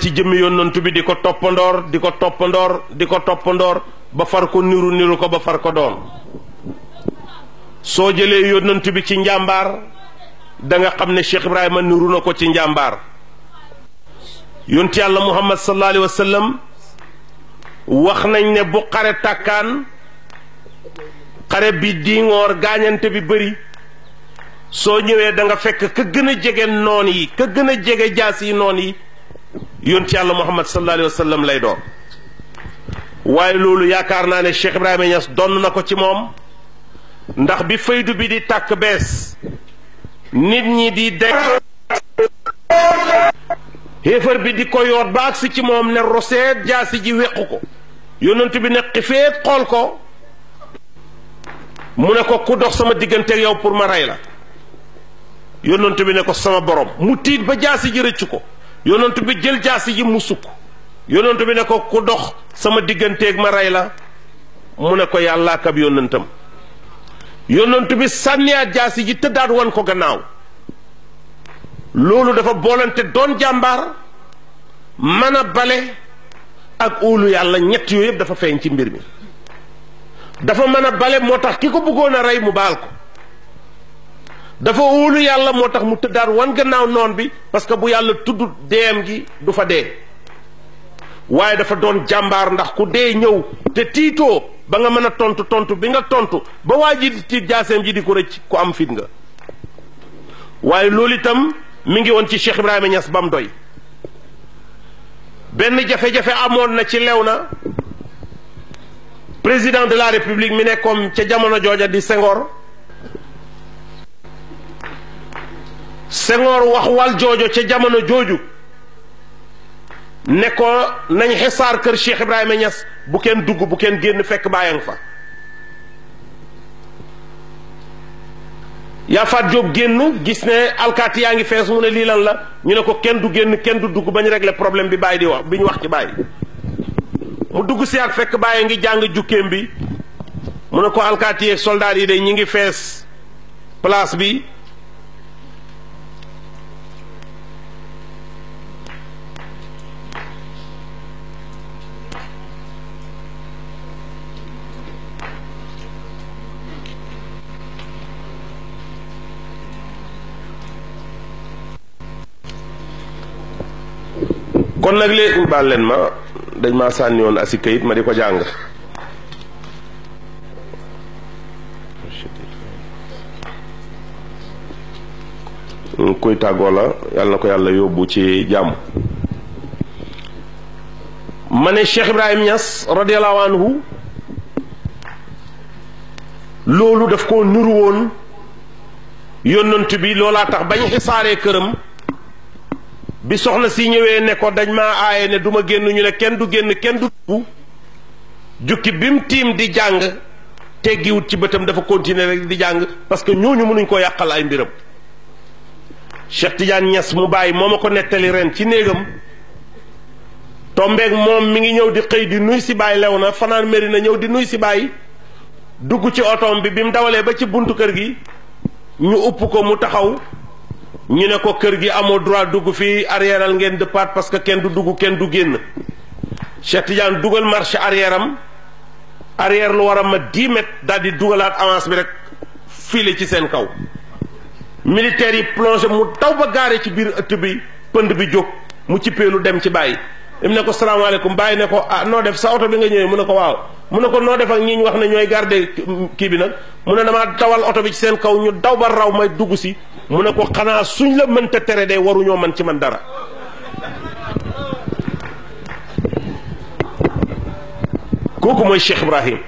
ci jëmmi yonent bi di ko toppandoor di ko toppandoor di ko toppandoor ba far ko niru niru ko ba far ko doon soo jëlee yonent bi ci njàmbaar danga xam ne Cheikh Ibrahima niru na ko ci njàmbaar yonent yàlla muhammad sallallahu alayhi wa sallam wax nañ ne bu xare tàkkaan xare bi diŋoor gaañante bi bari soo ñëwee danga fekk ka gën a jege noon yi ka gën a jege jaas yi noon yi yonent yàlla muhammad sallallahu alayhi wa sallam lay doon waaye loolu yaakaar naa ne Cheikh Ibrahima Niass donn na ko ci moom ndax bi faydu bi di tàkk bees nit ñi di de xéefar bi di ko yoot ba agsi ci moom ne roseet jaasi ji wéqu ko yonent bi ne xifeet xool ko mu ne ko ku dox sama diggante yow pour ma rey la yonent bi ne ko sama borom mu tiit ba jaasi ji rëccu ko yonent bi jël jaasi ji mu sukk yonent bi ne ko ku dox sama digganteeg ma rey la mu ne ko yàlla ak ab yonentam yonent bi sànniyaat jaasi ji tëddaat wan ko gannaaw loolu dafa boolante doon jàmbaar mën a bale ak óolu yàlla ñett yooyu yëpp dafa feeñ ci mbir mi dafa mën a bale moo tax ki ko bëggoon a rey mu baal ko dafa óolu yàlla moo tax mu tëddaat wan gannaaw noon bi parce que bu yàlla tudd deem gi du fa dee waaye dafa doon jàmbaar ndax ku dee ñëw te tiitoo ba nga mën a tontu tontu bi nga tontu ba waa ji di tiit jaaseem ji di ko rëcc ku am fit nga waaye loolu itam mi ngi woon ci Cheikh Ibrahima Niass bam doy benn jafe-jafe amoon na ci lew na président de la république mi nekkoon ca jamono jooja di sengoor Senghor wax wal joojo ca jamono jooju ne ko nañ xesaar kër Cheikh Ibrahima Niass bu kenn dugg bu kenn génn fekk bàyyi nga fa yaa faat Diop génn gis ne alkaati yaa ngi fees mu ne lii lan la ñu ne ko kenn du génn kenn du dugg bañ régler problème bi bàyyi di wax bi ñu wax ci bàyyi mu dugg si ak fekk bàyyi ngi jàng jukkeem bi mu ne ko alkaati yeeg soldaat yi de ñi ngi fees place bi kon nag léegi baal ma dañ ma sànni woon asi kayit ma di ko jàng kuy tàggoo la yàlla na ko yàlla yóbbu ci jàmm ma ne Cheikh Ibrahim Niass radiallahu anhu loolu daf ko nuru woon yónnant bi loolaa tax bañ xisaaree këram bi soxna si ñëwee ne ko dañ ma aaye ne du ma génn ñu ne kenn du génn kenn du dugg jukki bi mu tiim di jàng teggiwut ci bëtam dafa continuer rek di jàng parce que ñooñu mënuñ ko yàqal ay mbiram Cheikh Tidiane Niass mu bàyyi moo ma ko nettali ren ci néegam tombeeg moom mi ngi ñëw di xëy di nuy si bàyyi lew na fanaan mari na ñëw di nuy si bàyyi dugg ci otoom bi bi mu dawalee ba ci buntu kër gi ñu upp ko mu taxaw ñu ne ko kër gi amoo droit dugg fii arrièreal ngeen départ parce que kenn du dugg kenn du génn Cheikh Tidiane dugal marche arrière am lu war a ma 10 mètres daal di dugalaat avance bi rek fiile ci seen kaw militaires yi plongé mu taw ba gaare ci biir ëtt bi pënd bi jóg mu cippeelu dem ci bàyyi. im ne ko salaamaaleykum bàyyi ne ko ah noo def sa oto bi nga ñëwee mu ne ko waaw. mu ne ko noo def ak ñi ñu wax ne ñooy garder kii bi nag mu ne damaa tawal oto bi ci seen kaw ñu daw ba raw may dugg si mu ne ko xanaa suñ la mënta tere day waruñoo man ci man dara. kooku mooy Cheikh Ibrahim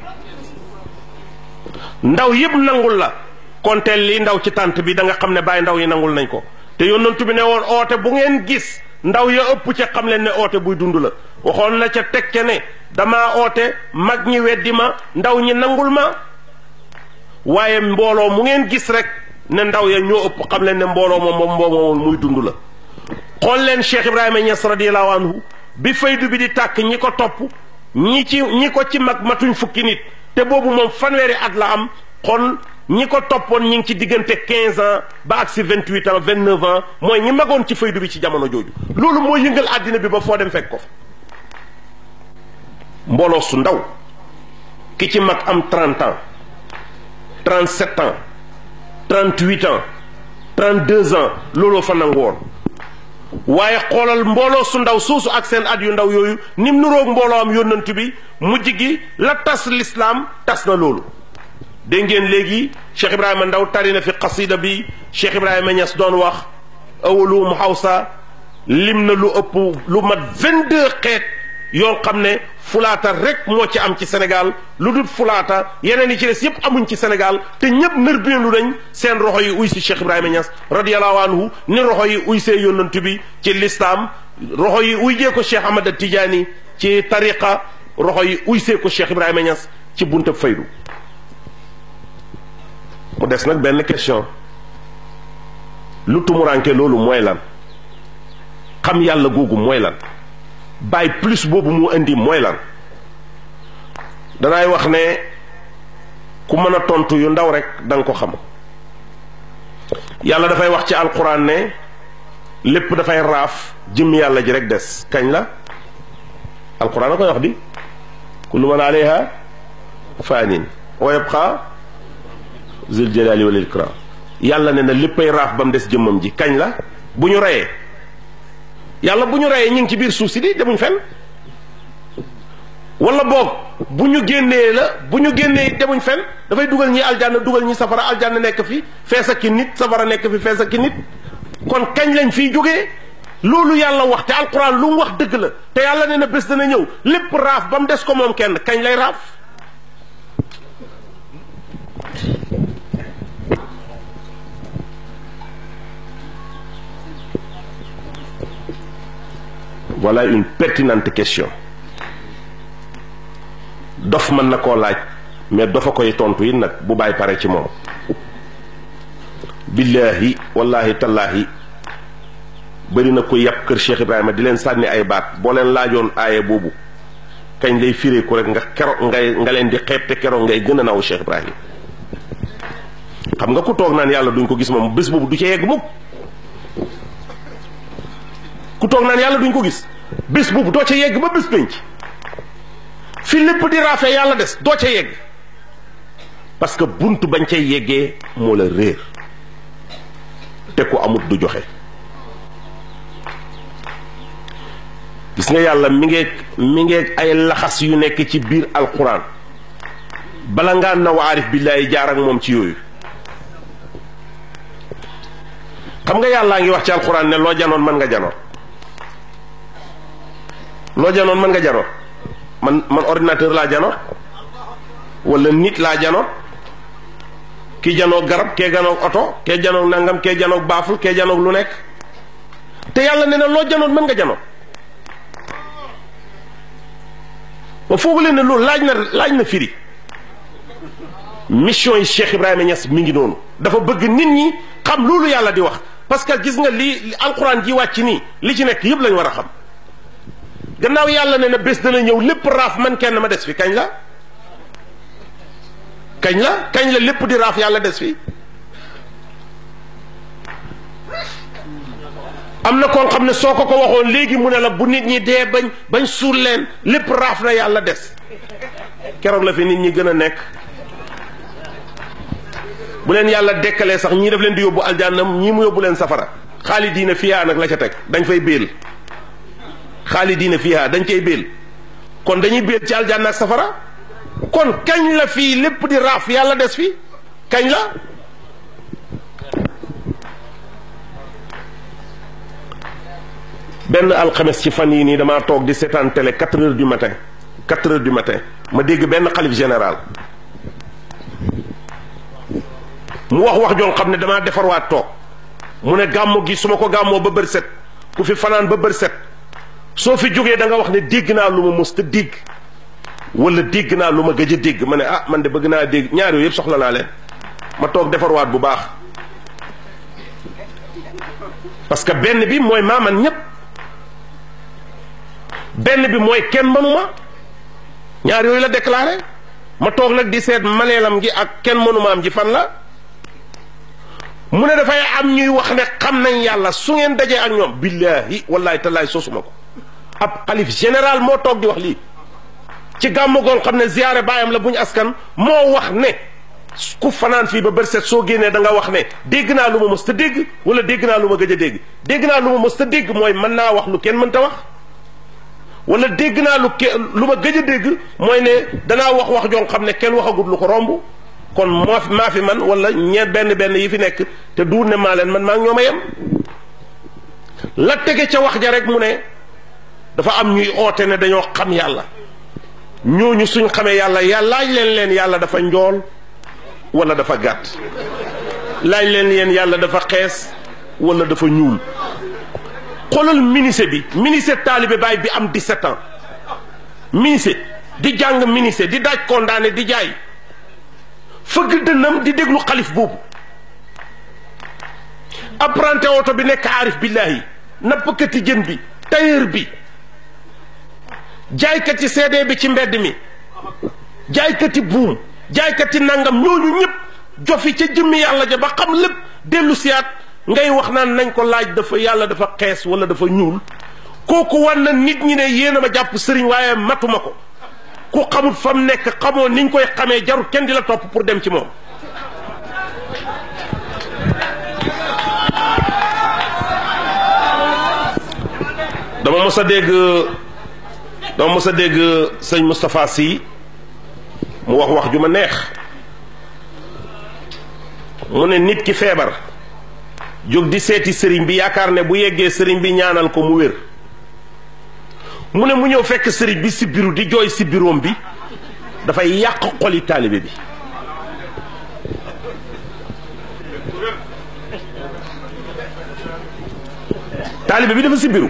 ndaw yëpp nangul la konteel lii ndaw ci tànt bi danga xam ne bàyyi ndaw yi nangul nañ ko te yónnantu bi ne woon oote bu ngeen gis. ndaw ya ëpp ca xam leen ne oote buy dund la waxoon na ca teg ca ne damaa oote mag ñi weddi ma ndaw ñi nangul ma waaye mbooloo mu ngeen gis rek ne ndaw ya ñoo ëpp xam leen ne mbooloo moom moom muy dund la xool leen Cheikh Ibrahima Niass radiallahu anhu bi faydu bi di tàkk ñi ko topp ñi ci ñi ko ci mag matuñ fukki nit te boobu moom fanweeri at la am xol ñi ko toppoon ñi ngi ci diggante quinze ans ba ak si vingt huit ans vingt neuf ans mooy ñi magoon ci faydu bi ci jamono jooju loolu moo yëngal àddina bi ba foo dem fekk ko fa mbooloo su ndaw ki ci mag am trente ans trente sept ans trente huit ans trente deux ans looloo fa nangu woon waaye xoolal mbooloo su ndaw soosu ak seen at yu ndaw yooyu nim nuroog mbooloo am yónnant bi mujj gi la tas lislaam tas na loolu dégg ngeen léegi Cheikh Ibrahima Ndaw tari na fi xasida bi Cheikh Ibrahima Niass doon wax awaluum xawsa lim na lu ëpp lu mat 22 xeet yoo xam ne fulaata rek moo ci am ci Sénégal lu dul fulaata yeneen yi ci des yëpp amuñ ci senegal te ñëpp nërbindu nañ seen roxo yi uy si Cheikh Ibrahima Niass radiyallahu anhu ni roxo yi uy see yónnantu bi ci lislaam roxo yi uy jee ko Cheikh Ahmad Tidiane ci tariqa roxo yi uy see ko Cheikh Ibrahima Niass ci bunt faydu mu des nag benn question lu tumuranke loolu mooy lan xam yàlla googu mooy lan bàyyi plus boobu mu indi mooy lan danaay wax ne ku mën a tontu yu ndaw rek da nga ko xam yàlla dafay wax ci alquran ne lépp dafay raaf jëm yàlla ji rek des kañ la alquran a koy wax di kullu man alayha faanin wa yabqa zul jalali yàlla ne na léppay raaf ba mu des jëmmam ji kañ la bu ñu reyee yàlla bu ñu reyee ñu ngi ci biir suuf si di demuñ fen wala boog bu ñu génnee la bu ñu génnee demuñ fen dafay dugal ñi aljanna dugal ñi safara aljanna nekk fi fees ak ki nit safara nekk fi fees ak ki nit kon kañ lañ fiy jógee loolu yàlla wax te alquran lu mu wax dëgg la te yàlla ne na bés dana ñëw lépp raaf ba mu des ko moom kenn kañ lay raaf voilà une pertinente question dof mën na koo laaj mais dofa koy tontu yi nag bu baay pare ci moom billaahi wallaahi tallaahi bëri na ko yàpp kër Cheikh Ibrahima di leen sànni ay baat boo leen laajoon aaya boobu kañ lay fireeku rek nga kero ngay nga leen di xeeb te keroog ngay gën a naw Cheikh Ibrahima xam nga ku toog naan yàlla duñ ko gis moom bés boobu du ca yegg mukk ku toog naan yàlla duñ ko gis bis boobu doo ca yegg ba bis pénc fi lépp di raafe yàlla des doo ca yegg parce que bunt bañ ca yeggee moo la réer te ku amut du joxe gis nga yàlla mi ngeeg mi ngeeg ay laxas yu nekk ci biir alquran bala ngaa naw aarif billaahi jaar ak moom ci yooyu xam nga yàllaa ngi wax ci alquran ne loo janoon mën nga janoon loo janoon mën nga janoo man man ordinateur laa jano wala nit laa jano ki janoo garab kee janoog oto kee janoog nangam kee janoog baaful kee janoog lu nekk te yàlla ne na loo janoon mën nga janoo ba foogu leen ne loolu laaj na laaj na firi mission yi Cheikh Ibrahima Niass mi ngi noonu dafa bëgg nit ñi xam loolu yàlla di wax parce que gis nga lii alquran ji wàcc nii li ci nekk yëpp lañ war a xam gannaaw yàlla ne na bés dana ñëw lépp raaf man kenn ma des fi kañ la kañ la kañ la lépp di raaf yàlla des fii am na koo xam ne soo ko ko waxoon léegi mu ne la bu nit ñi dee bañ bañ suul leen lépp raaf na yàlla des keroog la fi nit ñi gën a nekk bu leen yàlla dekkalee sax ñii daf leen di yóbbu aljaanam ñii mu yóbbu leen safara xaalidiina fiyaa nag la ca teg dañ fay béel xaalidiina fiha dañ koy béel kon dañuy béel ci aljanna ak safara kon kañ la fii lépp di raaf yàlla des fi kañ la benn alxemes ci fan yi nii damaa toog di seetaan télé quatre heures du matin quatre heures du matin ma dégg benn xalif général mu wax wax joo xam ne damaa defarwaat toog mu ne gàmmu gi su ma ko gàmmoo ba bër set ku fi fanaan ba bër set soo fi jógee da nga wax ne dégg naa lu ma mës te dégg wala dégg naa lu ma gëj a dégg ma ne ah man de bëgg naa dégg ñaar yooyu yëpp soxla naa leen ma toog defarwaat bu baax parce que benn bi mooy maaman ñépp benn bi mooy kenn mënuma ñaar yooyu la déclaré ma toog nag di seet maneelam gi ak kenn am ji fan la mu ne dafay am ñuy wax ne xam nañ yàlla su ngeen dajee ak ñoom billaahi wallaahi tallaay soosuma ko ab xalif général moo toog di wax lii ci gàmmu goon xam ne ziyaare baayam la bu ñu askan moo wax ne ku fanaan fii ba bër set soo génnee da nga wax ne dégg naa lu ma mës ta dégg wala dégg naa lu ma gëj a dégg dégg naa lu ma mës ta dégg mooy mën naa wax lu kenn mënta wax wala dégg naa lu ke lu ma gëj a dégg mooy ne danaa wax wax joo xam ne kenn waxagut lu ko romb kon moo maa fi man wala ñeent benn benn yi fi nekk te duur ne maa leen man maa ngi ñoom yem la tege ca wax ja rek mu ne dafa am ñuy oote ne dañoo xam yàlla ñooñu suñ xamee yàlla yàlla laaj leen leen yàlla dafa njool wala dafa gàtt laaj leen leen yàlla dafa xees wala dafa ñuul xoolal ministre bi ministre taalibe baay bi am 17 ans ministre di jàng ministre di daaj condamné di jaay fëgg dënnam di déglu xalif boobu apprenti oto bi nekk aarif billaahi nappkati jën bi tailleur bi jaaykati CD bi ci mbedd mi jaaykati buum jaaykati nangam ñooñu ñëpp jofi ca jëmm yàlla ja ba xam lépp dellusiyaat ngay wax naan nañ ko laaj dafa yàlla dafa xees wala dafa ñuul kooku wan na nit ñi ne yéen ma jàpp sëriñ waaye matuma ko ku xamut fam nekk xamoo niñ koy xamee jarul kenn di la topp pour dem ci moom dama mos a dégg dama mës a dégg sëñ Moustapha si mu wax wax ju ma neex mu ne nit ki feebar jóg di seeti sëriñ bi yaakaar ne bu yeggee sëriñ bi ñaanal ko mu wér mu ne mu ñëw fekk sëriñ bi sibbiru di jooy sibbiroom bi dafay yàq xoli taalibe bi taalibe bi dafa sibbiru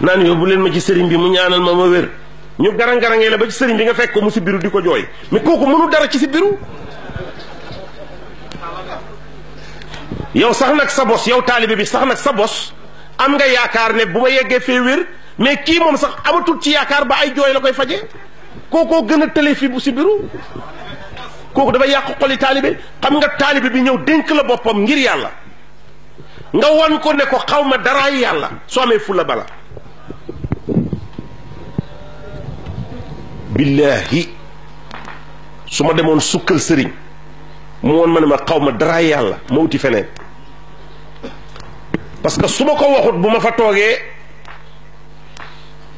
naan bu leen ma ci sëriñ bi mu ñaanal ma ma wér ñu garang-garangee la ba ci sëriñ bi nga fekk ko mu si biru di ko jooy mais kooku mënu dara ci si biru yow sax nag sa bos yow taalibe bi sax nag sa bos am nga yaakaar ne bu ma yeggee fee wér mais kii moom sax amatul ci yaakaar ba ay jooy la koy faje koo koo gën a tële fii bu si biru kooku dafa yàq xoli taalibe xam nga taalibe bi ñëw dénk la boppam ngir yàlla nga wan ko ne ko xaw ma daraay yàlla soo bala billaahi su ma demoon sukkal sëriñ mu ma ne ma xaw ma dara yàlla ma wuti feneen parce que su ma ko waxut bu ma fa toogee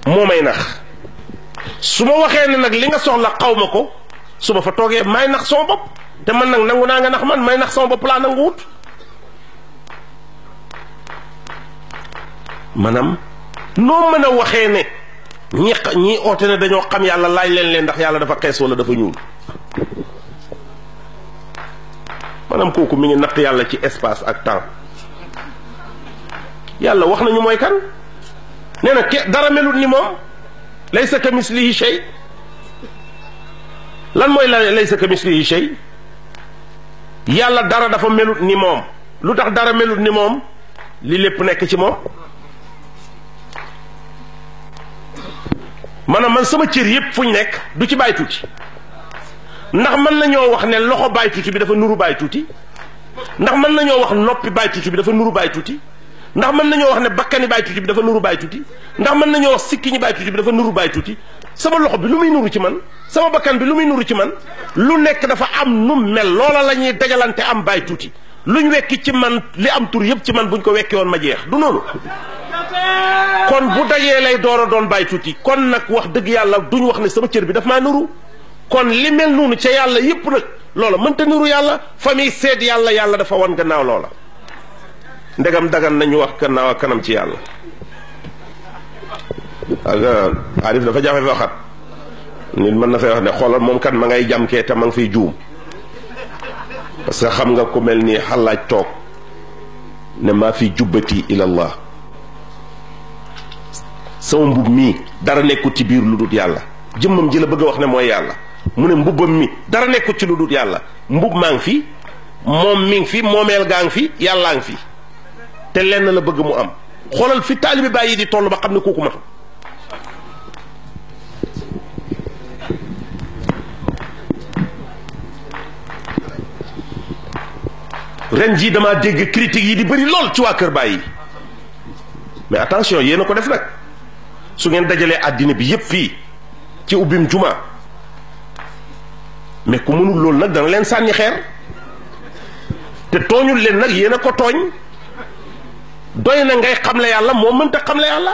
moo may nax su ma waxee ne nag li nga soxla xaw ma ko su ma fa toogee may nax sama bopp te man nag nangu naa nga nax man may nax sama bopp laa nangu wut maanaam noo mën a waxee ne ñi ñii oote ne dañoo xam yàlla laaj leen leen ndax yàlla dafa xees wala dafa ñuul maanaam kooku mi ngi natt yàlla ci espace ak temps yàlla wax nañu mooy kan nee na ke dara melut ni moom laysa ka mislihi shay lan mooy la laysa ka mislihi shay yàlla dara dafa melut ni moom lu tax dara melut ni moom li lépp nekk ci moom maanaam man sama cër yëpp fu ñu nekk du ci bàyyi tuuti ndax mën nañoo wax ne loxo bàyyi tuuti bi dafa nuru bàyyi tuuti ndax mën nañoo wax noppi bàyyi tuuti dafa nuru bàyyi tuuti ndax mën nañoo wax ne bakkani bàyyi tuuti bi dafa nuru bàyyi tuuti ndax mën nañoo wax sikki bi dafa nuru bàyyi tuuti sama loxo bi lu muy nuru ci man sama bakkan bi lu muy nuru ci man lu nekk dafa am nu mel loola la ñuy dajalante am bàyyi tuuti lu ñu wekki ci man li am tur yëpp ci man buñ ko wekki woon ma jeex du noonu kon bu dajee lay door a doon bàyyi tuuti kon nag wax dëgg yàlla duñ wax ne sama cër bi daf maa nuru kon li mel noonu ca yàlla yépp nag loola mënta nuru yàlla fa muy seet yàlla yàlla dafa wan gannaaw loola ndegam dagan nañu wax gannaaw ak kanam ci yàlla euh, arif dafa jafe fa waxat nit mën na fay wax ne xoolal moom kan ma ngay jam kee te ma ngi fiy juum parce que xam nga ko mel ni xalaaj toog ne maa fi jubbati ilallah sama mbubb mii dara nekkul ci biir lu dut yàlla jëmmam ji la bëgg a wax ne mooy yàlla mu ne mbubbam mi dara nekkul ci lu dul yàlla mbub maa ngi fi moom mi ngi fi moomeel gaa ngi fi yàllaa ngi fi te lenn la bëgg mu am xoolal fi taalibi bàyyi di toll ba xam ne kooku matu ren jii damaa dégg critiques yi di bëri lool ci waa Kër Baay mais attention yéen na ko def nag su ngeen dajalee àddina bi yépp fii ci ubbim juma mais ku mënul loolu nag dana leen sànni xeer te tooñul leen nag yéen ko tooñ doy na ngay xam xamle yàlla moo mënta xamle yàlla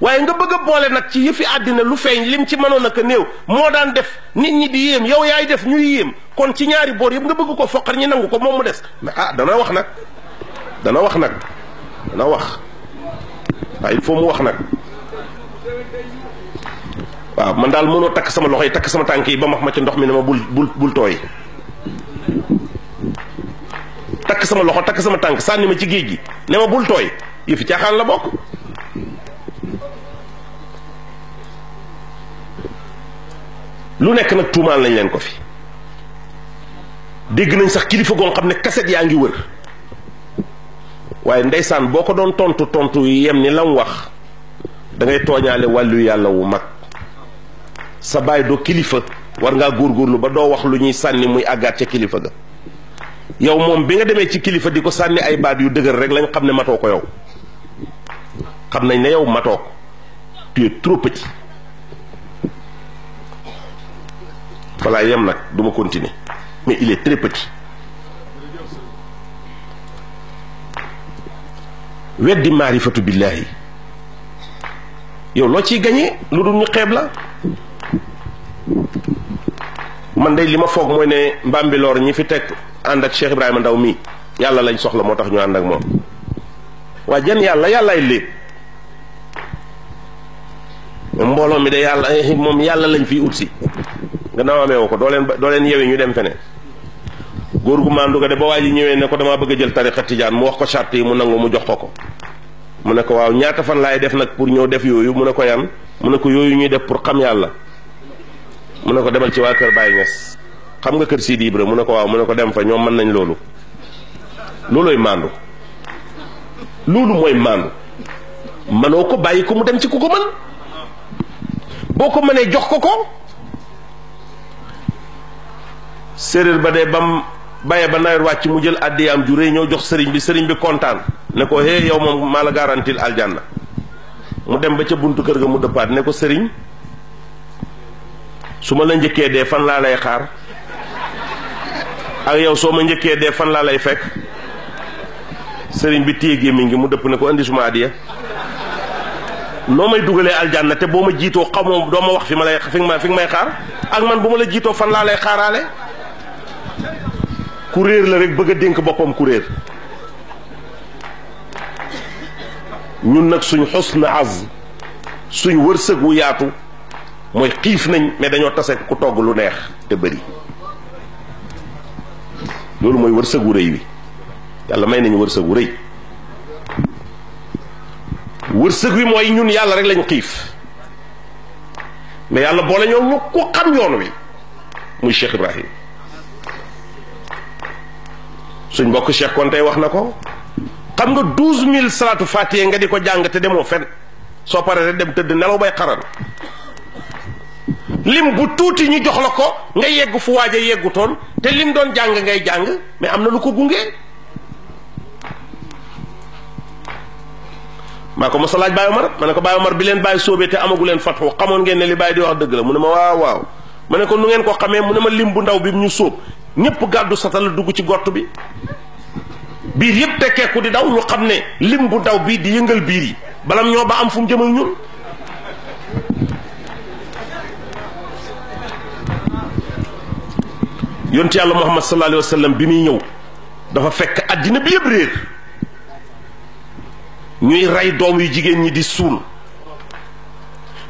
waaye nga bëgg a boole nag ci yëfi àddina lu feeñ lim ci mënoon a néew moo daan def nit ñi di yéem yow yaay def ñuy yéem kon ci ñaari boor yëpp nga bëgg ko foqar ñi nangu ko moom mu des mais ah dana wax nag dana wax nag dana wax waaye il mu wax nag. waaw man daal mënoo takk sama loxo yi takk sama tànk yi ba max ma ci ndox mi ne ma bul bul bul tooy takk sama loxo takk sama tànk sànni ma ci géej gi ne ma bul tooy yëfi caaxaan la bokk lu nekk nag tuumaan lañ leen ko fi dégg nañ sax kilifa goon xam ne kaset yaa ngi wër waaye ndeysaan boo ko doon tontu tontu yem ni lam wax dangay tooñaale wàllu yàlla wu mag sa baay doo kilifa war ngaa góor góorlu ba doo wax lu ñuy sànni muy àggaat ca kilifa ga yow moom bi nga demee ci kilifa di ko sànni ay baat yu dëgër rek lañ xam ne matoo ko yow xam nañ ne yow matoo ko tu es trop yem nag duma ma continuer mais il est weddi maarifatu billaahi yow loo ciy gañee lu dul ñu xeeb la man de li ma foog mooy ne Mbambilor ñi fi teg ànd ak Cheikh Ibrahima Ndaw mii yàlla lañ soxla moo tax ñu ànd ak moom waa jan yàlla yàllaay léeb mbooloo mi de yàlla moom yàlla lañ fiy ut si gannaaw amee ko doo leen doo leen yewi ñu dem feneen góor gu maandu ga de ba waa ji ñëwee ne ko damaa bëgg a jël tariqa tijaan mu wax ko charte yi mu nangu mu jox ko ko mu ne ko waaw ñaata fan laay def nag pour ñëw def yooyu mu ne ko yan mu ne ko yooyu ñuy def pour xam yàlla mu ne ko demal ci waa kër Baye Niass xam nga kër sii Ibra mu ne ko waaw mu ne ko dem fa ñoo mën nañ loolu loolooy maandu loolu mooy maandu mënoo ko bàyyi ko mu dem ci ku ko man boo ko mënee jox ko ko séeréer ba dee bam baye ba nawet wàcc mu jël addiyaam ju rëy ñoo jox sëriñ bi sëriñ bi kontaan ne ko hee yow moom maa la garantil aljanna mu dem ba ca buntu kër ga mu dëppaat ne ko sëriñ su ma la njëkkee dee fan laa lay xaar ak yow soo ma njëkkee dee fan laa lay fekk sëriñ bi téye gémmi ngi mu dëpp ne ko indi suma addiya noo may dugalee aljanna te boo ma jiitoo xamoo doo ma wax fi ma lay fi nga may xaar ak man bu ma la jiitoo fan laa lay xaaraale ku réer la rek bëgg a dénk boppam ku ñun nag suñ xos na az suñ wërsëg wu yaatu mooy xiif nañ mais dañoo tase ku togg lu neex te bëri loolu mooy wërsëg wu rëy wi yàlla may nañu wërsëg wu rëy wërsëg wi mooy ñun yàlla rek lañ xiif mais yàlla boole ñoo lu ku xam yoon wi muy Cheikh Ibrahim suñ mbokk kon Konte wax na ko xam nga douze mille salaatu fatiha nga di ko jàng te demoo fen soo paree dem tëdd nelaw bay xaran lim bu tuuti ñu jox la ko nga yegg fu waaj a yeggutoon te lim doon jàng ngay jàng mais am na lu ko gunge. maa ko mos a laaj Baye Omar ma ne ko Baye Omar bi leen Baye soobee te amagu leen fatxu xamoon ngeen ne li baay di wax dëgg la mu ne ma waaw waaw ma ne ko nu ngeen ko xamee mu ne ma lim bu ndaw bi mu ñu sóob ñépp gàddu satala dugg ci gott bi biir yëpp tekkeeku di daw ñu xam ne lim bu daw bii di yëngal biir yi balam ñoo ba am fu mu jëm ak ñun yonti yàlla muhammad sallallahu alayhi wa sallam bi muy ñëw dafa fekk àddina bi yëpp réer ñuy rey doom yu jigéen ñi di suul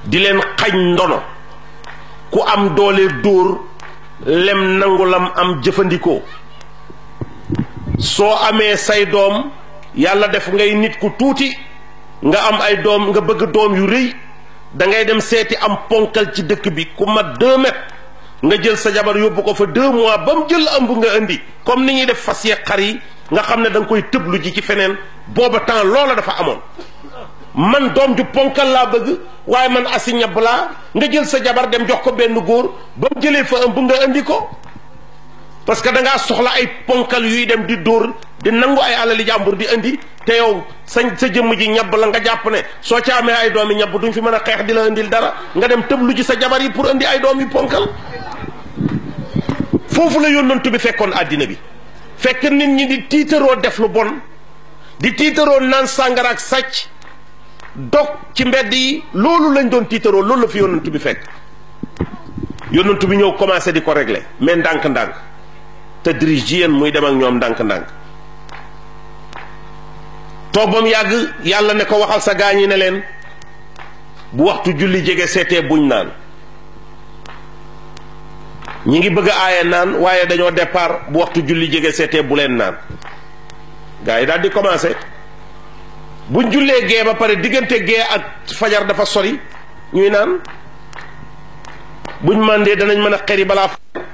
di leen xañ ndono ku am doole dóor lem nangu lam am jëfandikoo soo amee say doom yàlla def ngay nit ku tuuti nga am ay doom nga bëgg doom yu rëy da ngay dem seeti am ponkal ci dëkk bi ku mat deux mètres nga jël sa jabar yóbbu ko fa deux mois ba mu jël ëmb nga indi comme ni ñuy def fas yeeg xar yi nga xam ne da nga koy tëblu ji ci feneen booba temps loola dafa amoon man doom ju ponkal laa bëgg waaye man asi ñab laa nga jël sa jabar dem jox ko benn góor ba mu jëlee fa ëmb nga indi ko parce que da soxla ay ponkal yuy dem di dóor di nangu ay alali jàmbur di indi te yow sa sa jëmm ji ñab la nga jàpp ne soo ci amee ay doomi ñab duñ fi mën a xeex di la indil dara nga dem tëblu ji sa jabar yi pour indi ay doom yu ponkal foofu la yónnantu bi fekkoon àddina bi fekk nit ñi di tiitaroo def lu bon di tiitaroo naan sàngara sàcc dog ci mbedd yi loolu lañ doon tiitaroo loolu la fi yonantu bi fekk yonantu bi ñëw commencé di ko régler mais ndànk-ndànk te tadrijiyan muy dem ak ñoom ndànk-ndànk toog bam yàgg yàlla ne ko waxal sa gaañi ne leen bu waxtu julli jege seetee buñ naan ñi ngi bëgg a naan waaye dañoo départ bu waxtu julli jege seetee bu leen naan gaa yi daal di commencé bu jullee gee ba pare diggante gee ak fajar dafa sori ñuy naan buñ màndee danañ mën a xeri balaa fajar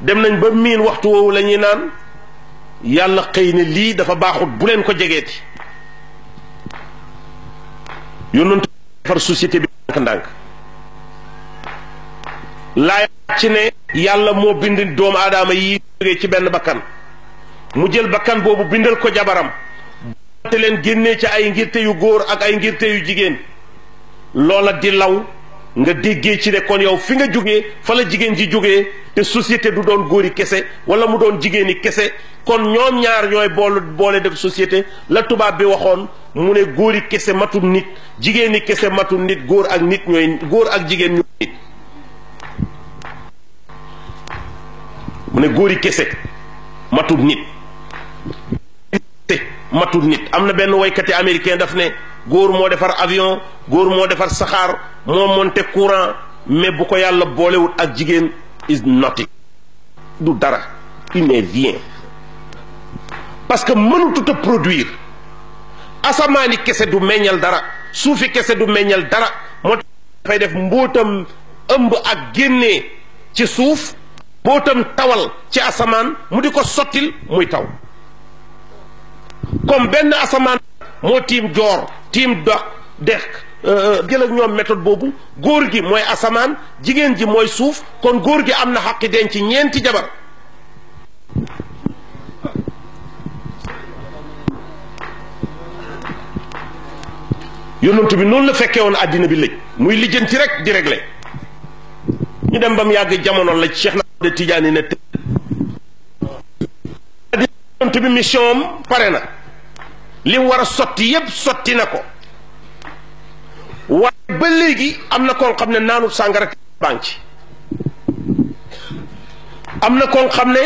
dem nañ ba miin waxtu woowu la ñuy naan yàlla xëy na lii dafa baaxut bu leen ko jegeeti yónnante defar société bi ndànk-ndànk laay ci ne yàlla moo bind doomu aadaama yi jógee ci benn bakkan mu jël bakkan boobu bindal ko jabaram te leen génnee ci ay yu góor ak ay ngirte yu jigéen loola di law nga déggee ci ne yow fi nga jógee fa la jigéen ji jógee te société du doon góori kese wala mu doon jigéeni kese kon ñoom ñaar ñooy def société la tubaab bi waxoon mu ne góori kese matul nit jigéeni kese matul nit góor ak nit ñooy góor ak jigéen ñooy mu ne góor i kese matul nit matul nit am na benn woykati américain daf ne góor moo defar avion góor moo defar saxaar moo monte courant mais bu ko yàlla boolewut ak jigéen is nothing du dara il n'est rien parce que mënutut a produire asamaani kese du meññal dara suufi kese du meññal dara moo dafay def mbootam ëmb ak génnee ci suuf mbootam tawal ci asamaan mu di ko sottil muy taw comme benn asamaan moo tiim joor tiim dox dex euh, euh, jël ak ñoom méthode boobu góor gi mooy asamaan jigéen ji mooy suuf kon góor gi am na xaqi denc ñeenti jabar yonent bi noonu la fekkee woon àddina bi lëj muy lijjanti rek di ñu dem ba mu yàgg jamono la Cheikh na de na ne yonent bi mission am pare na li war a sotti yépp sotti na ko waaye ba léegi am na koo xam ne naanub sàngara bànc am na koo xam ne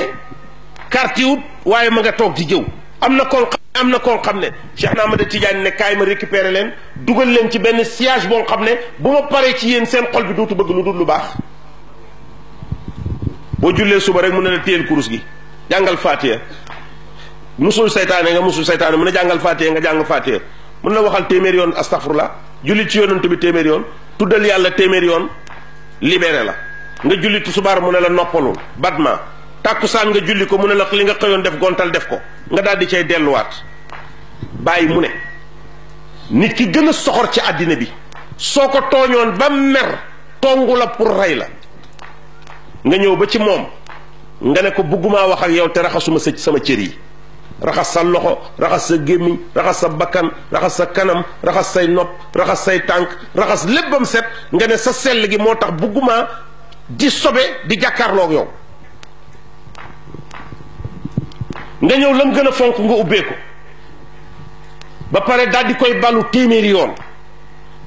kartiwut waaye ma nga toog di jëw am na koo xam ne am na koo xam ne Cheikh Ahmada Tidiane ne kaay ma récupérer leen dugal leen ci benn siège boo xam ne bu ma paree ci yéen seen xol bi dootu bëgg lu dul lu baax boo jullee suba rek mun na la kurus gi jàngal Faatiha musul seytaane nga musul seytaane mun a jàngal faatiye nga jàng faatiye mun na waxal téeméer yoon astafurla julli ci yonent bi téeméer yoon tuddal yàlla téeméer yoon libéré la nga julli tusubaar mu ne la noppalu batma tàkkusaan nga julli ko mu ne la li nga xëyoon def gontal def ko nga daal di cay delluwaat bàyyi mu ne nit ki gën a soxor ci àddina bi soo ko tooñoon ba mer tongu la pour rey la nga ñëw ba ci moom nga ne ko bëggumaa wax ak yow te raxasuma sa sama cër yi raxas sa loxo raxas sa gémmiñ raxas sa bakkan raxas sa kanam raxas say nopp raxas say tànk raxas léppam set nga ne sa sell gi moo tax bugguma di sobe di jàkkaarloog yow nga ñëw lam gën a fonk nga ubbee ba pare daal di koy balu téeméeri yoon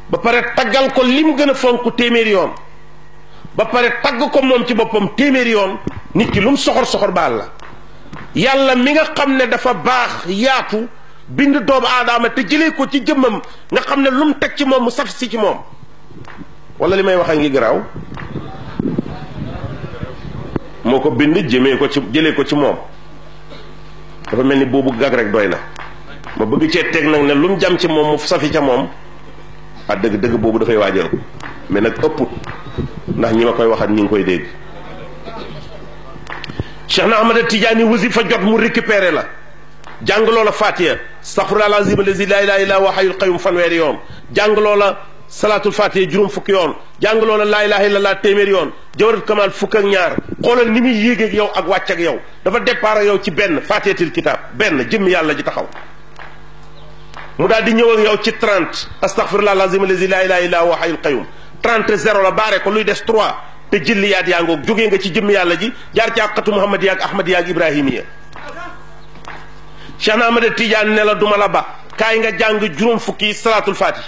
ba pare taggal ko mu gën a fonk téeméeri yoon ba pare tagg ko moom ci boppam téeméeri yoon nit ki lu mu soxor soxor baal la yàlla mi nga xam ne dafa baax yaatu bind doomu aadama te jëlee ko ci jëmmam nga xam ne lu mu teg ci moom mu saf si ci moom wala li may wax a ngi moo ko bind jëmee ko ci jëlee ko ci moom dafa mel ni boobu gag rek doy na ma bëgg cee teg nag ne lu mu jam ci moom mu safi ca moom ah dëgg dëgg boobu dafay waajal mais nag ëpp ndax ñi ma koy waxat ñi ngi koy dégg Cheikh na Ahmad Tidiane fa jot mu récupéré la jàng loola Fatiha astaghfirullahal azim allazi laa ilaha illa huwa hayyul qayyum fanweeri yoon jàng loola salaatul Fatiha juróom fukk yoon jàng loola laa ilaha illallah téeméeri yoon jawharatul kamal fukk ak ñaar xoolal ni muy yéegeeg yow ak wàcc ak yow dafa départ ak yow ci benn fatihatil kitab benn jëm yàlla ji taxaw mu daal di ñëw ak ci 30 astaghfirullahal azim allazi la ilaha illa huwa hayyul qayyum 30 zéro la baare ko luy des 3 te jëlliyaat yaa ngoog jógee nga ci jëmm yàlla ji jaar ci àqatu muhammad yaag ahmad yaag ibrahimiya Cheikh na Ahmada Tidiane ne la duma la ba kaay nga jàng juróom fukki salaatul faati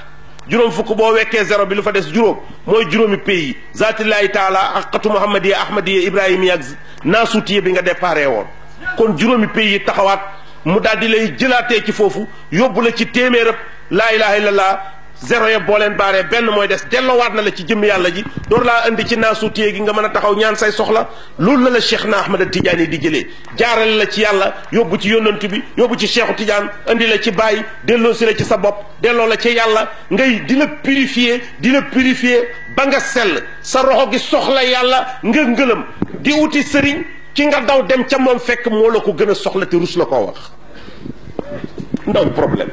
juróom fukk boo wekkee zéro bi lu fa des juróom mooy juróomi pays yi zaatillaahi taala àqatu muhammad ya ahmad ya ibrahimiya ak naasuutiya bi nga déparé woon kon juróomi pays yi taxawaat mu daal di lay jëlaatee ci foofu yóbbu la ci téeméerab laa ilaha illallah zéro ya boo leen baaree benn mooy des delloowaat na la ci jëm yàlla ji door laa indi ci naasu gi nga mën a taxaw ñaan say soxla loolu la la Cheikh na tijaan yi di jëlee jaarale la ci yàlla yóbbu ci yónnant bi yóbbu ci Cheikhu Tidiane indi la ci bàyyi delloo si la ci sa bopp delloo la ci yàlla ngay di la purifier di la purifier ba nga sell sa roxo gi soxla yàlla nga ngëlëm di wuti sëriñ ki nga daw dem ca moom fekk moo la ko gën a soxla te rus koo wax ndaw problème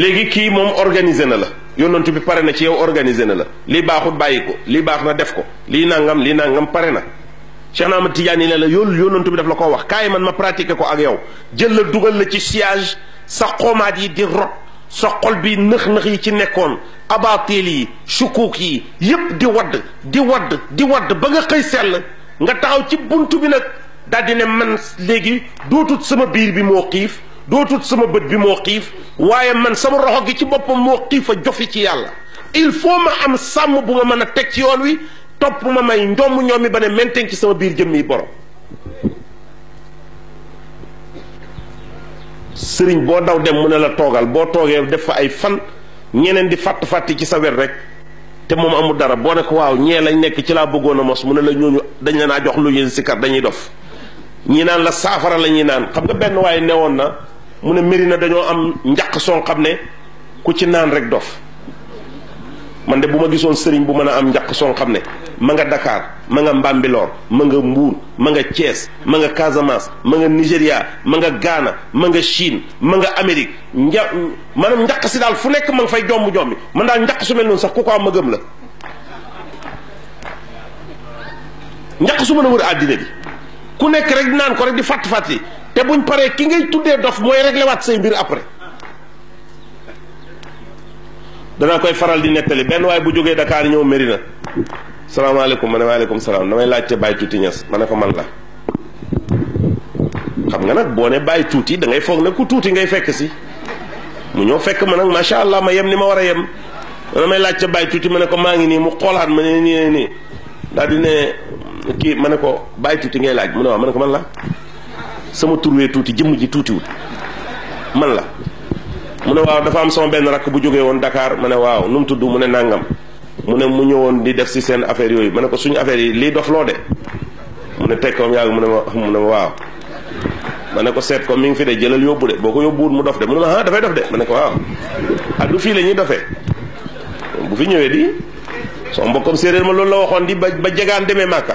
léegi kii moom organiser na la yonent bi pare na ci yow organiser na la lii baaxut bàyyi ko lii baax na def ko lii nangam lii nangam pare na Cheikh ma Ahmad yi ne la yoolu yonent bi daf la ko wax kaay man ma pratiquer ko ak yow jël la dugal la ci siège sa xomaat yi di rot sa xol bi nëx-nëx yi ci nekkoon abateel yi sukuuk yi yépp di wadd di wadd di wadd ba nga xëy sell nga taxaw ci bunt bi nag daldi ne man léegi dootut sama biir bi moo xiif dootut sama bët bi moo xiif waaye man sama roxo gi ci boppam moo xiif a jofi ci yàlla il faut ma am sàmm bu ma mën a teg ci yoon wi topp ma may ndomb ñoom mi ba ne menten ci sama biir jëmmi borom sëriñ boo daw dem mu ne la toogal boo toogee def fa ay fan ñeneen di fàtt fàtti ci sa wet rek te moom amul dara boo ne ko waaw ñee lañ nekk ci laa bëggoon a mos mu ne la ñooñu dañ la naa jox lu yéen sikar dañuy dof ñi naan la saafara la ñuy naan xam nga benn waaye newoon na mu ne Medina dañoo am njaq soo xam ne ku ci naan rek dof man de bu ma gisoon sëriñ bu mën a am njaq soo xam ne ma nga dakaar ma nga Mbambilor ma nga Mbuur ma nga Thiès ma nga Casamance ma nga Nigéria ma nga Ghana ma nga Chine ma nga Amérique nja maanaam njaq si daal fu nekk ma fay jomb jombi man daal njaq su mel noonu sax ku ko am ma gëm la njaq su mën a wër àddina bi ku nekk rek naan ko rek di fàtt fàtt yi te buñ paree ki ngay tuddee dof mooy réglé waat say mbir après danaa koy faral di nettali benn waaye bu jógee Dakar ñëw Mérina salaamaaleykum ma ne waaleykum salaam damay laaj laajte Baye Tuuti Ñas ma ne ko man la xam nga nag boo ne Baye Tuuti da ngay foog ne ku tuuti ngay fekk si mu ñëw fekk ma nag macha ma yem ni ma war a yem damay laajte Baye Tuuti ma ne ko maa ngi nii mu xoolaat ma ne nii nii daal di ne kii ma ne ko Baye Tuuti ngay laaj mu ne waaw ma ne ko man la sama turwee tuuti jëmm ji tuutiwul man la mu ne waaw dafa am sama benn rakk bu jógee woon Dakar ma ne waaw nu mu tudd mu ne nàngam mu ne mu ñëwoon di def si seen affaire yooyu ma ne ko suñu affaire yi lii dof loo de mu ne teg ko yàgg mu ne ma waaw ma ne ko seet ko mi ngi fi de jëlal yóbbu de boo ko yóbbuwul mu dof de mu ne ma ah dafay dof de ma ne ko waaw ah du fii la ñuy dofee bu fi ñëwee di soo mbokkam séeréer ma loolu la waxoon di ba ba jegaan demee màkka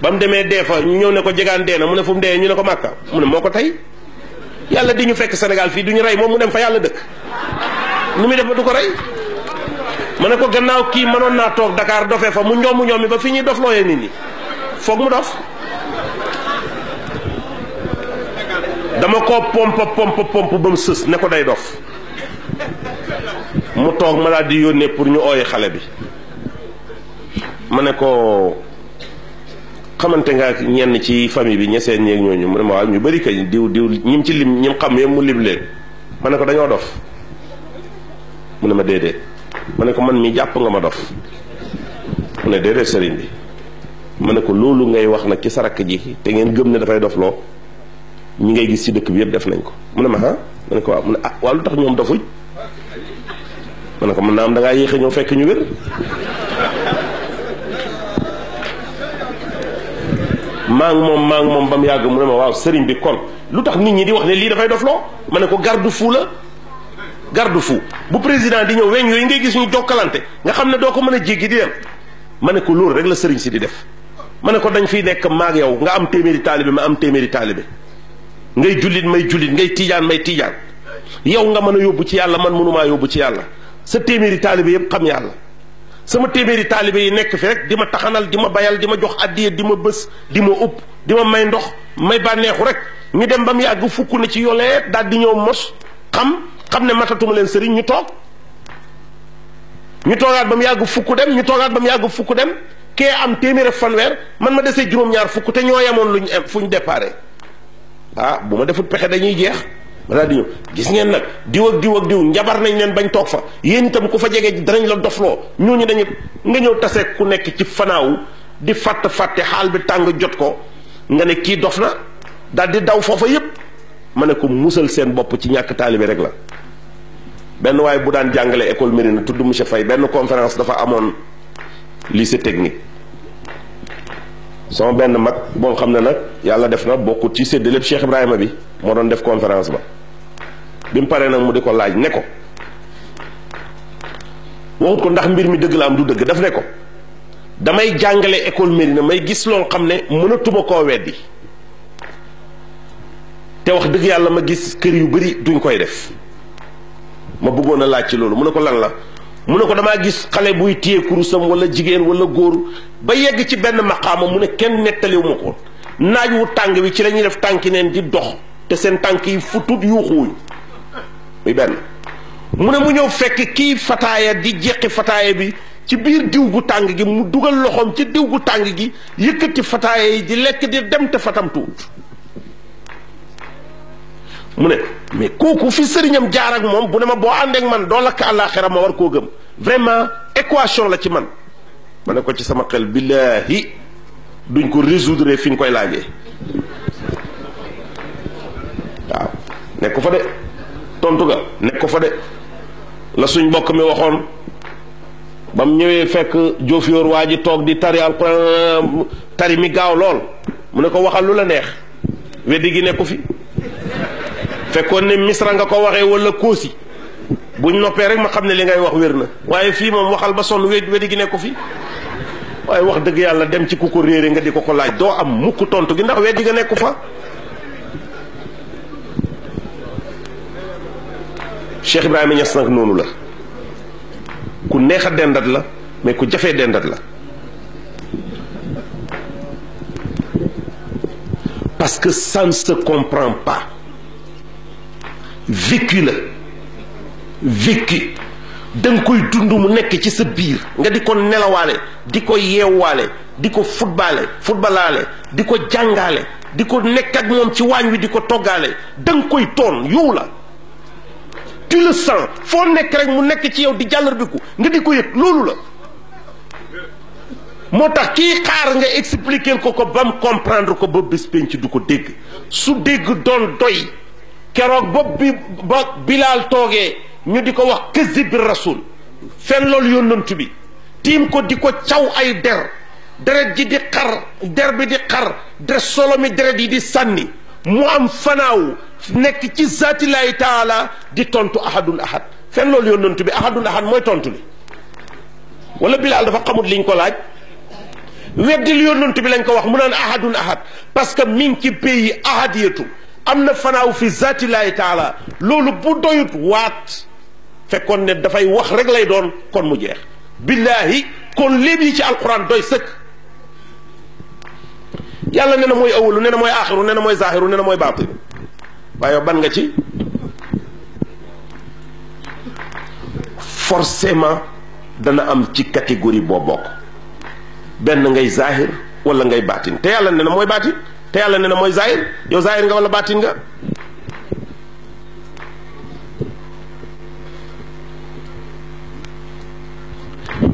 ba mu demee dee fa ñu ñëw ne ko jegaan dee na mu ne fu mu dee ñu ne ko màkka mu ne moo ko tey yàlla di ñu fekk Sénégal fii du ñu rey moom mu dem fa yàlla dëkk nu muy def ba du ko rey ma ne ko gannaaw kii mënoon naa toog Dakar dofee fa mu ñoomu ñoomi ba fi ñuy dof looyee nit foog mu dof dama ko pompe pompe sës ne ko day dof mu toog ma daal di yónnee pour ñu ooye xale bi ma ne ko xamante nga ak ñenn ci famille bi ña seen ñeeg ñooñu mu ne ma waaw ñu bëri kay diw diw ñim ci lim ñim xam yëpp mu lim leen ma ne ko dañoo dof mu ne ma déedéet ma ne ko man mi jàpp nga ma dof mu ne déedéet sëriñ bi ma ne ko loolu ngay wax nag ci sarak ji te ngeen gëm ne dafay dof loo ñi ngay gis ci dëkk bi yëpp def nañ ko mu ne ma ah ma ne ko waaw mu ne ah waaw lu tax ñoom dofuñ ma ne ko mën naa am da ngaa yéex a ñëw fekk ñu wér maa ngi moom maa ngi moom ba mu yàgg mu ne ma waaw sëriñ bi kon lu tax nit ñi di wax ne lii dafay dof loo ma ne ko garde fou la garde fou bu président di ñëw weñ yooyu ngay gis ñu jokkalante nga xam ne doo ko mën a jéggi di dem ma ne ko loolu rek la sëriñ si di def ma ne ko dañ fiy nekk maak yow nga am téeméeri taalibe ma am téeméeri taalibe ngay jullit may jullit ngay tiijaan may tiijaan yow nga mën a yóbbu ci yàlla man mënumaa yóbbu ci yàlla sa téeméeri taalibe yëpp xam yàlla sama téeméeri taalibe yi nekk fi rek di ma taxanal di ma bayal di ma jox addiya di ma bës di ma upp di ma may ndox may bànneexu rek ñu dem ba mu yàgg fukk na ci yolee daal di ñëw mos xam xam ne matatuma leen sëriñ ñu toog ñu toogaat ba mu yàgg fukk dem ñu toogaat ba mu yàgg fukk dem kee am téeméer ak fanweer man ma desee juróom-ñaar fukk te ñoo yemoon luñ fu ñu déparé ah bu ma defut pexe dañuy jeex balaa di ñëw gis ngeen nag diw ak diw ak diw njabar nañ leen bañ toog fa yéen itam ku fa jege danañ la dofloo ñooñu dañu nga ñëw tase ku nekk ci fanaaw di fàtt fàtte xaal bi tàng jot ko nga ne kii dof na daal di daw foofa yépp ma ne ko musal seen bopp ci ñàkk taalibe rek la benn waaye bu daan jàngalee école Mérina tudd monsieur fay benn conférence dafa amoon lii lycée technique sama benn mag boo xam ne nag yàlla def na bokkut ci séddale Cheikh Ibrahima bi moo doon def bi mu paree nag mu di ko laaj ne ko waxut ko ndax mbir mi dëgg la am du dëgg daf ne ko damay jàngale école Médina may gis loo xam ne mënatuma koo weddi te wax dëgg yàlla ma gis kër yu bari duñ koy def ma bëggoon a laaj ci loolu mu ne ko lan la mu ne ko damaa gis xale buy téye kurusam wala jigéen wala góor ba yegg ci benn maqaama mu ne kenn nettaliwu ma ko naaj wu tàng wi ci lañuy def tànki neen di dox te seen tànk yi futut yuuxuwuñ muy mu ne mu ñëw fekk kii fataaya di jeqi fataaya bi ci biir diw gu tàng gi mu dugal loxoom ci diw gu tàng gi yëkkati fataaya yi di lekk di dem te fatam tuut mu ne mais kooku fi sëriñam jaar ak moom bu ne ma boo àndeek man doo lakk àllaaxira ma war koo gëm vraiment équation la ci man ma ne ko ci sama xel billaahi duñ ko résoudre fi ñu koy laajee waaw nekku fa de tontu ga nekk ko fa de la suñ mbokk mi waxoon ba mu ñëwee fekk Diofior waa ji toog di tari alxuraan tari mi gaaw lool mu ne ko waxal lu la neex weddi gi nekku fi fekkoon ne misra nga ko waxee wala koosi buñ noppee rek ma xam ne li ngay wax wér na waaye fii moom waxal ba sonn wé weddi gi nekku fi waaye wax dëgg yàlla dem ci ku ko réere nga di ko ko laaj doo am mukk tontu gi ndax weddi ga nekku fa Cheikh Ibrahima Niass nag noonu la ku neexa a dendat la mais ku jafee dendat la parce que ça ne se comprend pas vécu la vécu da nga koy dund mu nekk ci sa biir nga di ko nelawaale di ko yeewaale di ko futbaale futbalaale di ko jàngaale di ko nekk ak moom ci waañ wi di ko toggaale da nga koy toon yow la tu la sens foo nekk rek mu nekk ci yow di jàllarbiku nga di ko yëg loolu la moo tax kii xaar nga expliquer ko ko ba mu comprendre ko ba bés penc du ko dégg su dégg doon doy keroog bopp bi ba bilaal toogee ñu di ko wax kësi bi rasul fen loolu yónnantu bi tiim ko di ko caw ay der deret ji di xar der bi di xar der solo mi deret yi di sànni mu am fanaaw nekk ci zaatillahi taala di tontu ahadun ahad fenn loolu yonent bi ahadun ahad mooy tontu li wala bilaal dafa xamut liñ ko laaj weddil yonent bi lañ ko wax mu naan ahadun ahad parce que mi ngi ci pays ahadiyatu am na fanaaw fi zaatillahi taala loolu bu doyut waat fekkoon ne dafay wax rek lay doon kon mu jeex billaahi kon léeb yi ci alquran doy sëkk yàlla nee na mooy awalu nee na mooy aaxiru nee na mooy zaahiru nee na mooy baatinu waaye ban nga ci forcément dana am ci catégorie boo bokk benn ngay zahir wala ngay baatin te yàlla ne na mooy baatin te yàlla ne na mooy zahir yow zahir nga wala baatin nga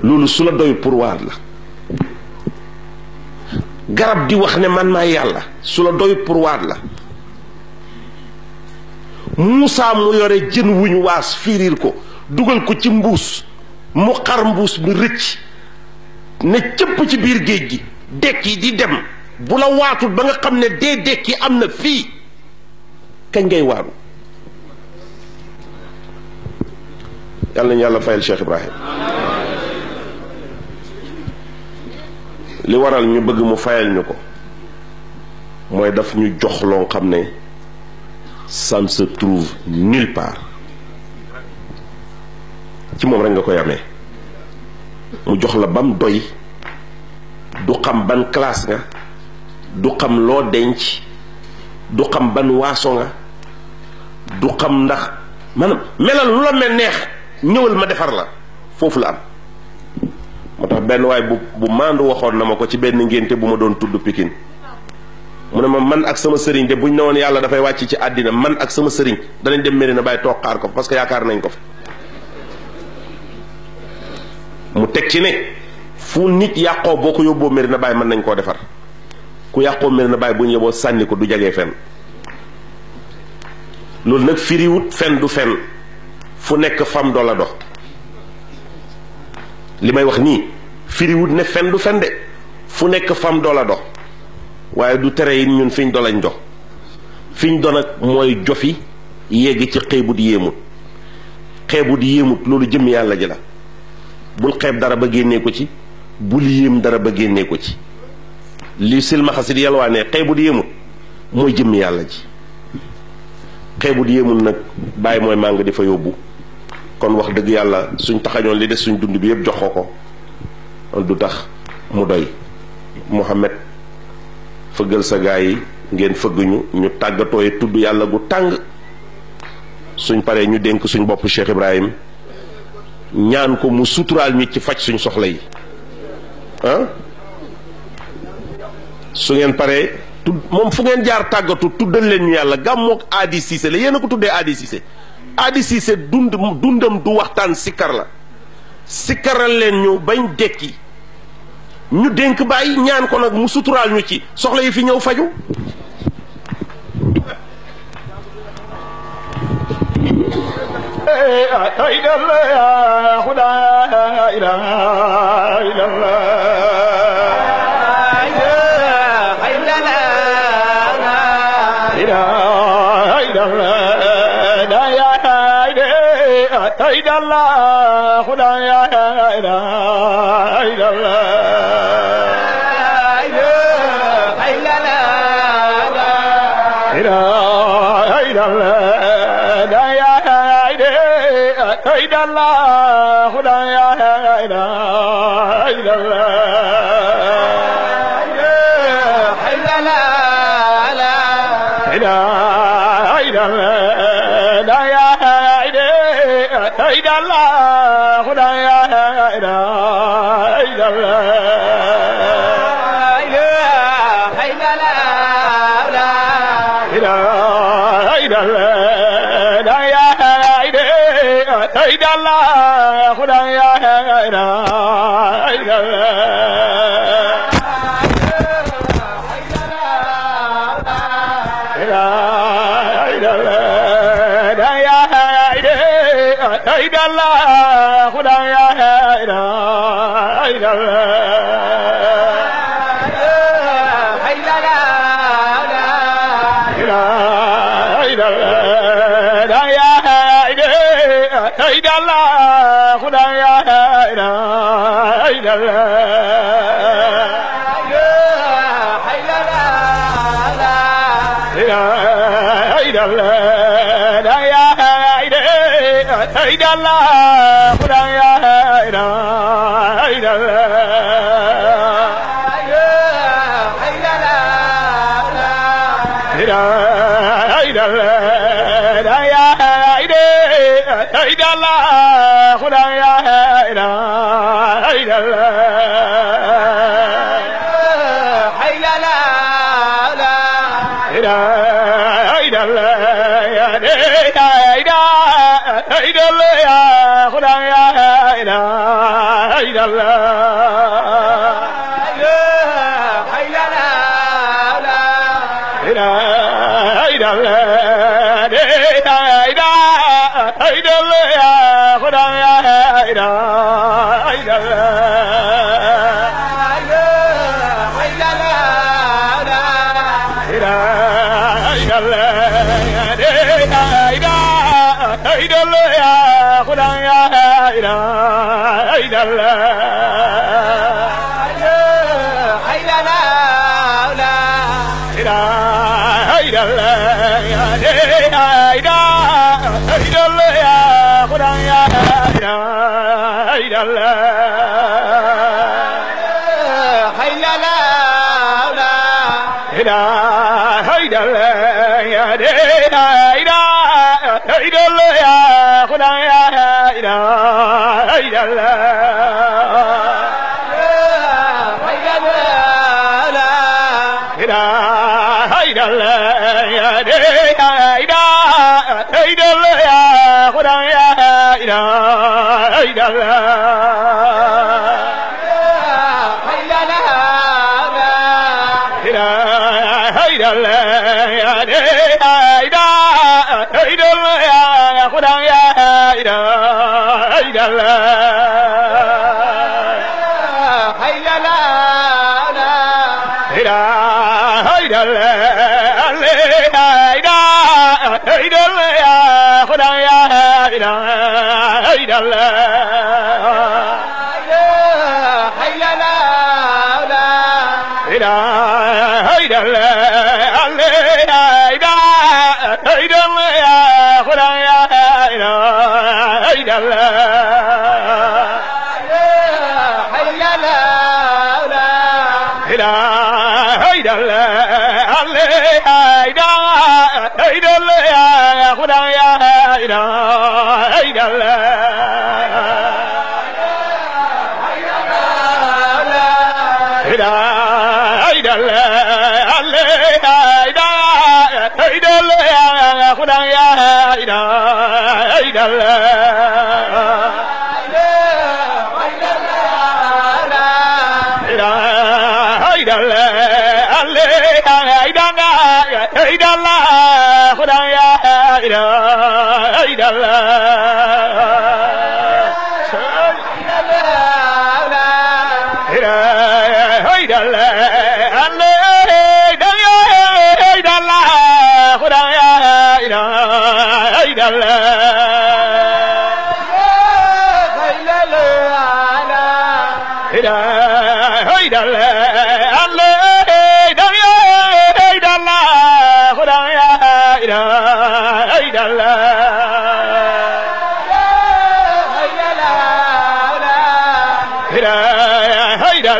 loolu su la doy pour waar la garab di wax ne man maa yàlla su la doy pour waar la Moussa mu yore jën wuñ waas fiiriir ko dugal ko ci mbuus mu xar mbuus mi rëcc ne cëpp ci biir géej gi dekk yi di dem bu la waatul ba nga xam ne dee dekk am na fii kañ ngay waaru yàlla nañu yàlla fayal Cheikh Ibrahim li waral ñu bëgg mu fayal ñu ko mooy daf ñu jox loo xam ne ça ne trouve nulle part ci moom rek nga koy amee mu jox la bam doy du xam ban classe nga du xam loo denc du xam ban waaso nga du xam ndax man melal lu la mel neex ñëwal ma defar la foofu la am moo tax benn waay bu bu maandu waxoon na ma ko ci benn ngénte bu ma doon tudd Pikine mu ne ma man ak sama sëriñ de buñ ne woon yàlla dafay wàcc ci àddina man ak sama sëriñ danañ dem Medina Baye toog xaar ko parce que yaakaar nañ ko fa mu teg ci ne fu nit yàqoo boo ko yóbboo Medina Baye mën nañ koo defar ku yàqoo Medina Baye bu ñu yóbboo sànni ko du jagee fenn loolu nag firiwut fenn du fenn fu nekk fam doo la dox li may wax nii firiwut ne fenn du fenn de fu nekk fam doo la dox waaye du tere yi ñun fiñ dolañ do fiñ do nag mooy jofi yegg ci xeebut yéemut xeebut yéemut loolu jëmm yàlla ji la bul xeeb dara ba génnee ko ci bul yéem dara ba génnee ko ci li silmaxa si di yalwaanee xeebut yéemut mooy jëmm yàlla ji xeebut yéemut nag bàyyi mooy màng di fa yóbbu kon wax dëgg yàlla suñ taxañoon li des suñ dund bi yëpp jox ko ko du tax mu doy Mohamed fëggal sa gaa yi ngeen fëgguñu ñu ñu tàggatooy tudd yàlla gu tàng suñ paree ñu dénk suñ bopp Cheikh Ibrahim ñaan ko mu suturaal ñu ci faj suñ soxla yi su ngeen paree tudd moom fu ngeen jaar tàggatu tuddal leen ñu yàlla gàmmook Adi Cissé la yéen ko tuddee Adi Cissé Adi Cissé dund dundam du waxtaan sikkar la sikkaral leen ñu bañ dekki ñu dénk bàyyi ñaan ko nag mu suturaal ñu ci soxla fi ñëw faju غير الله Hey,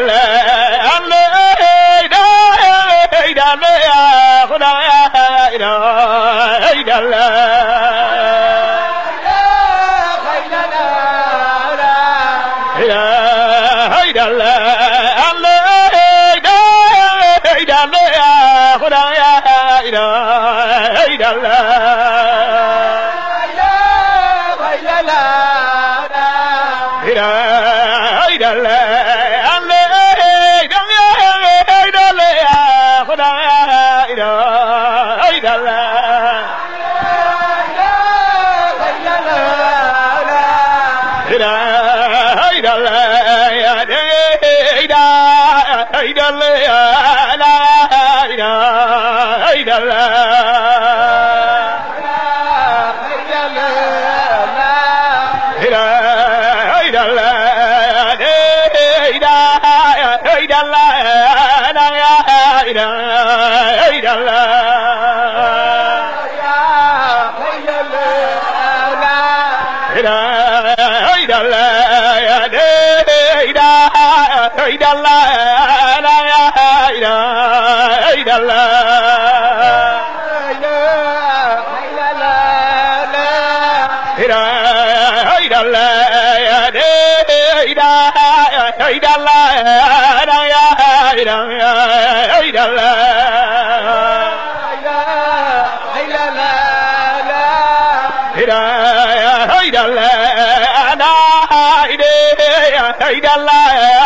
la la la la la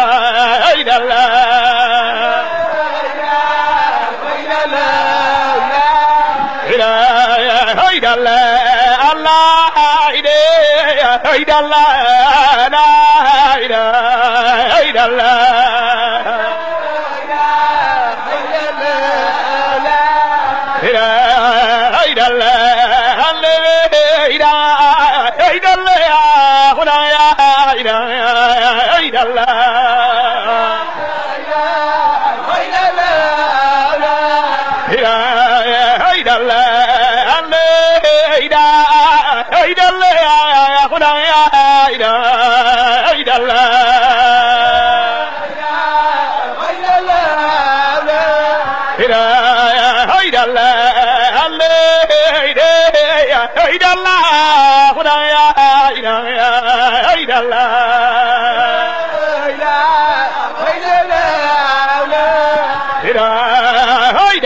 hayda hayda hayda hayda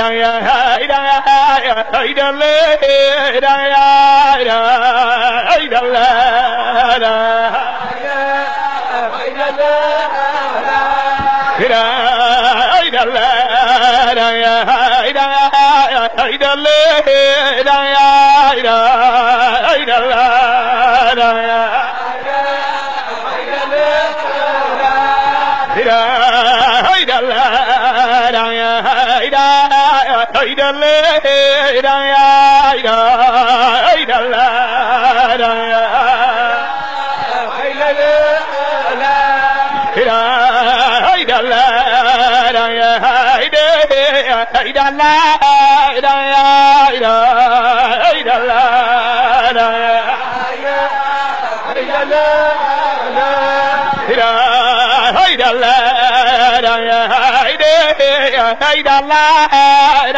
Hayda la la la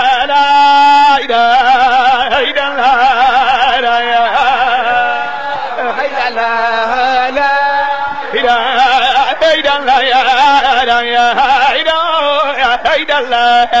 la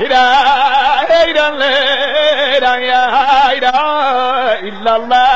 لا إله إلا الله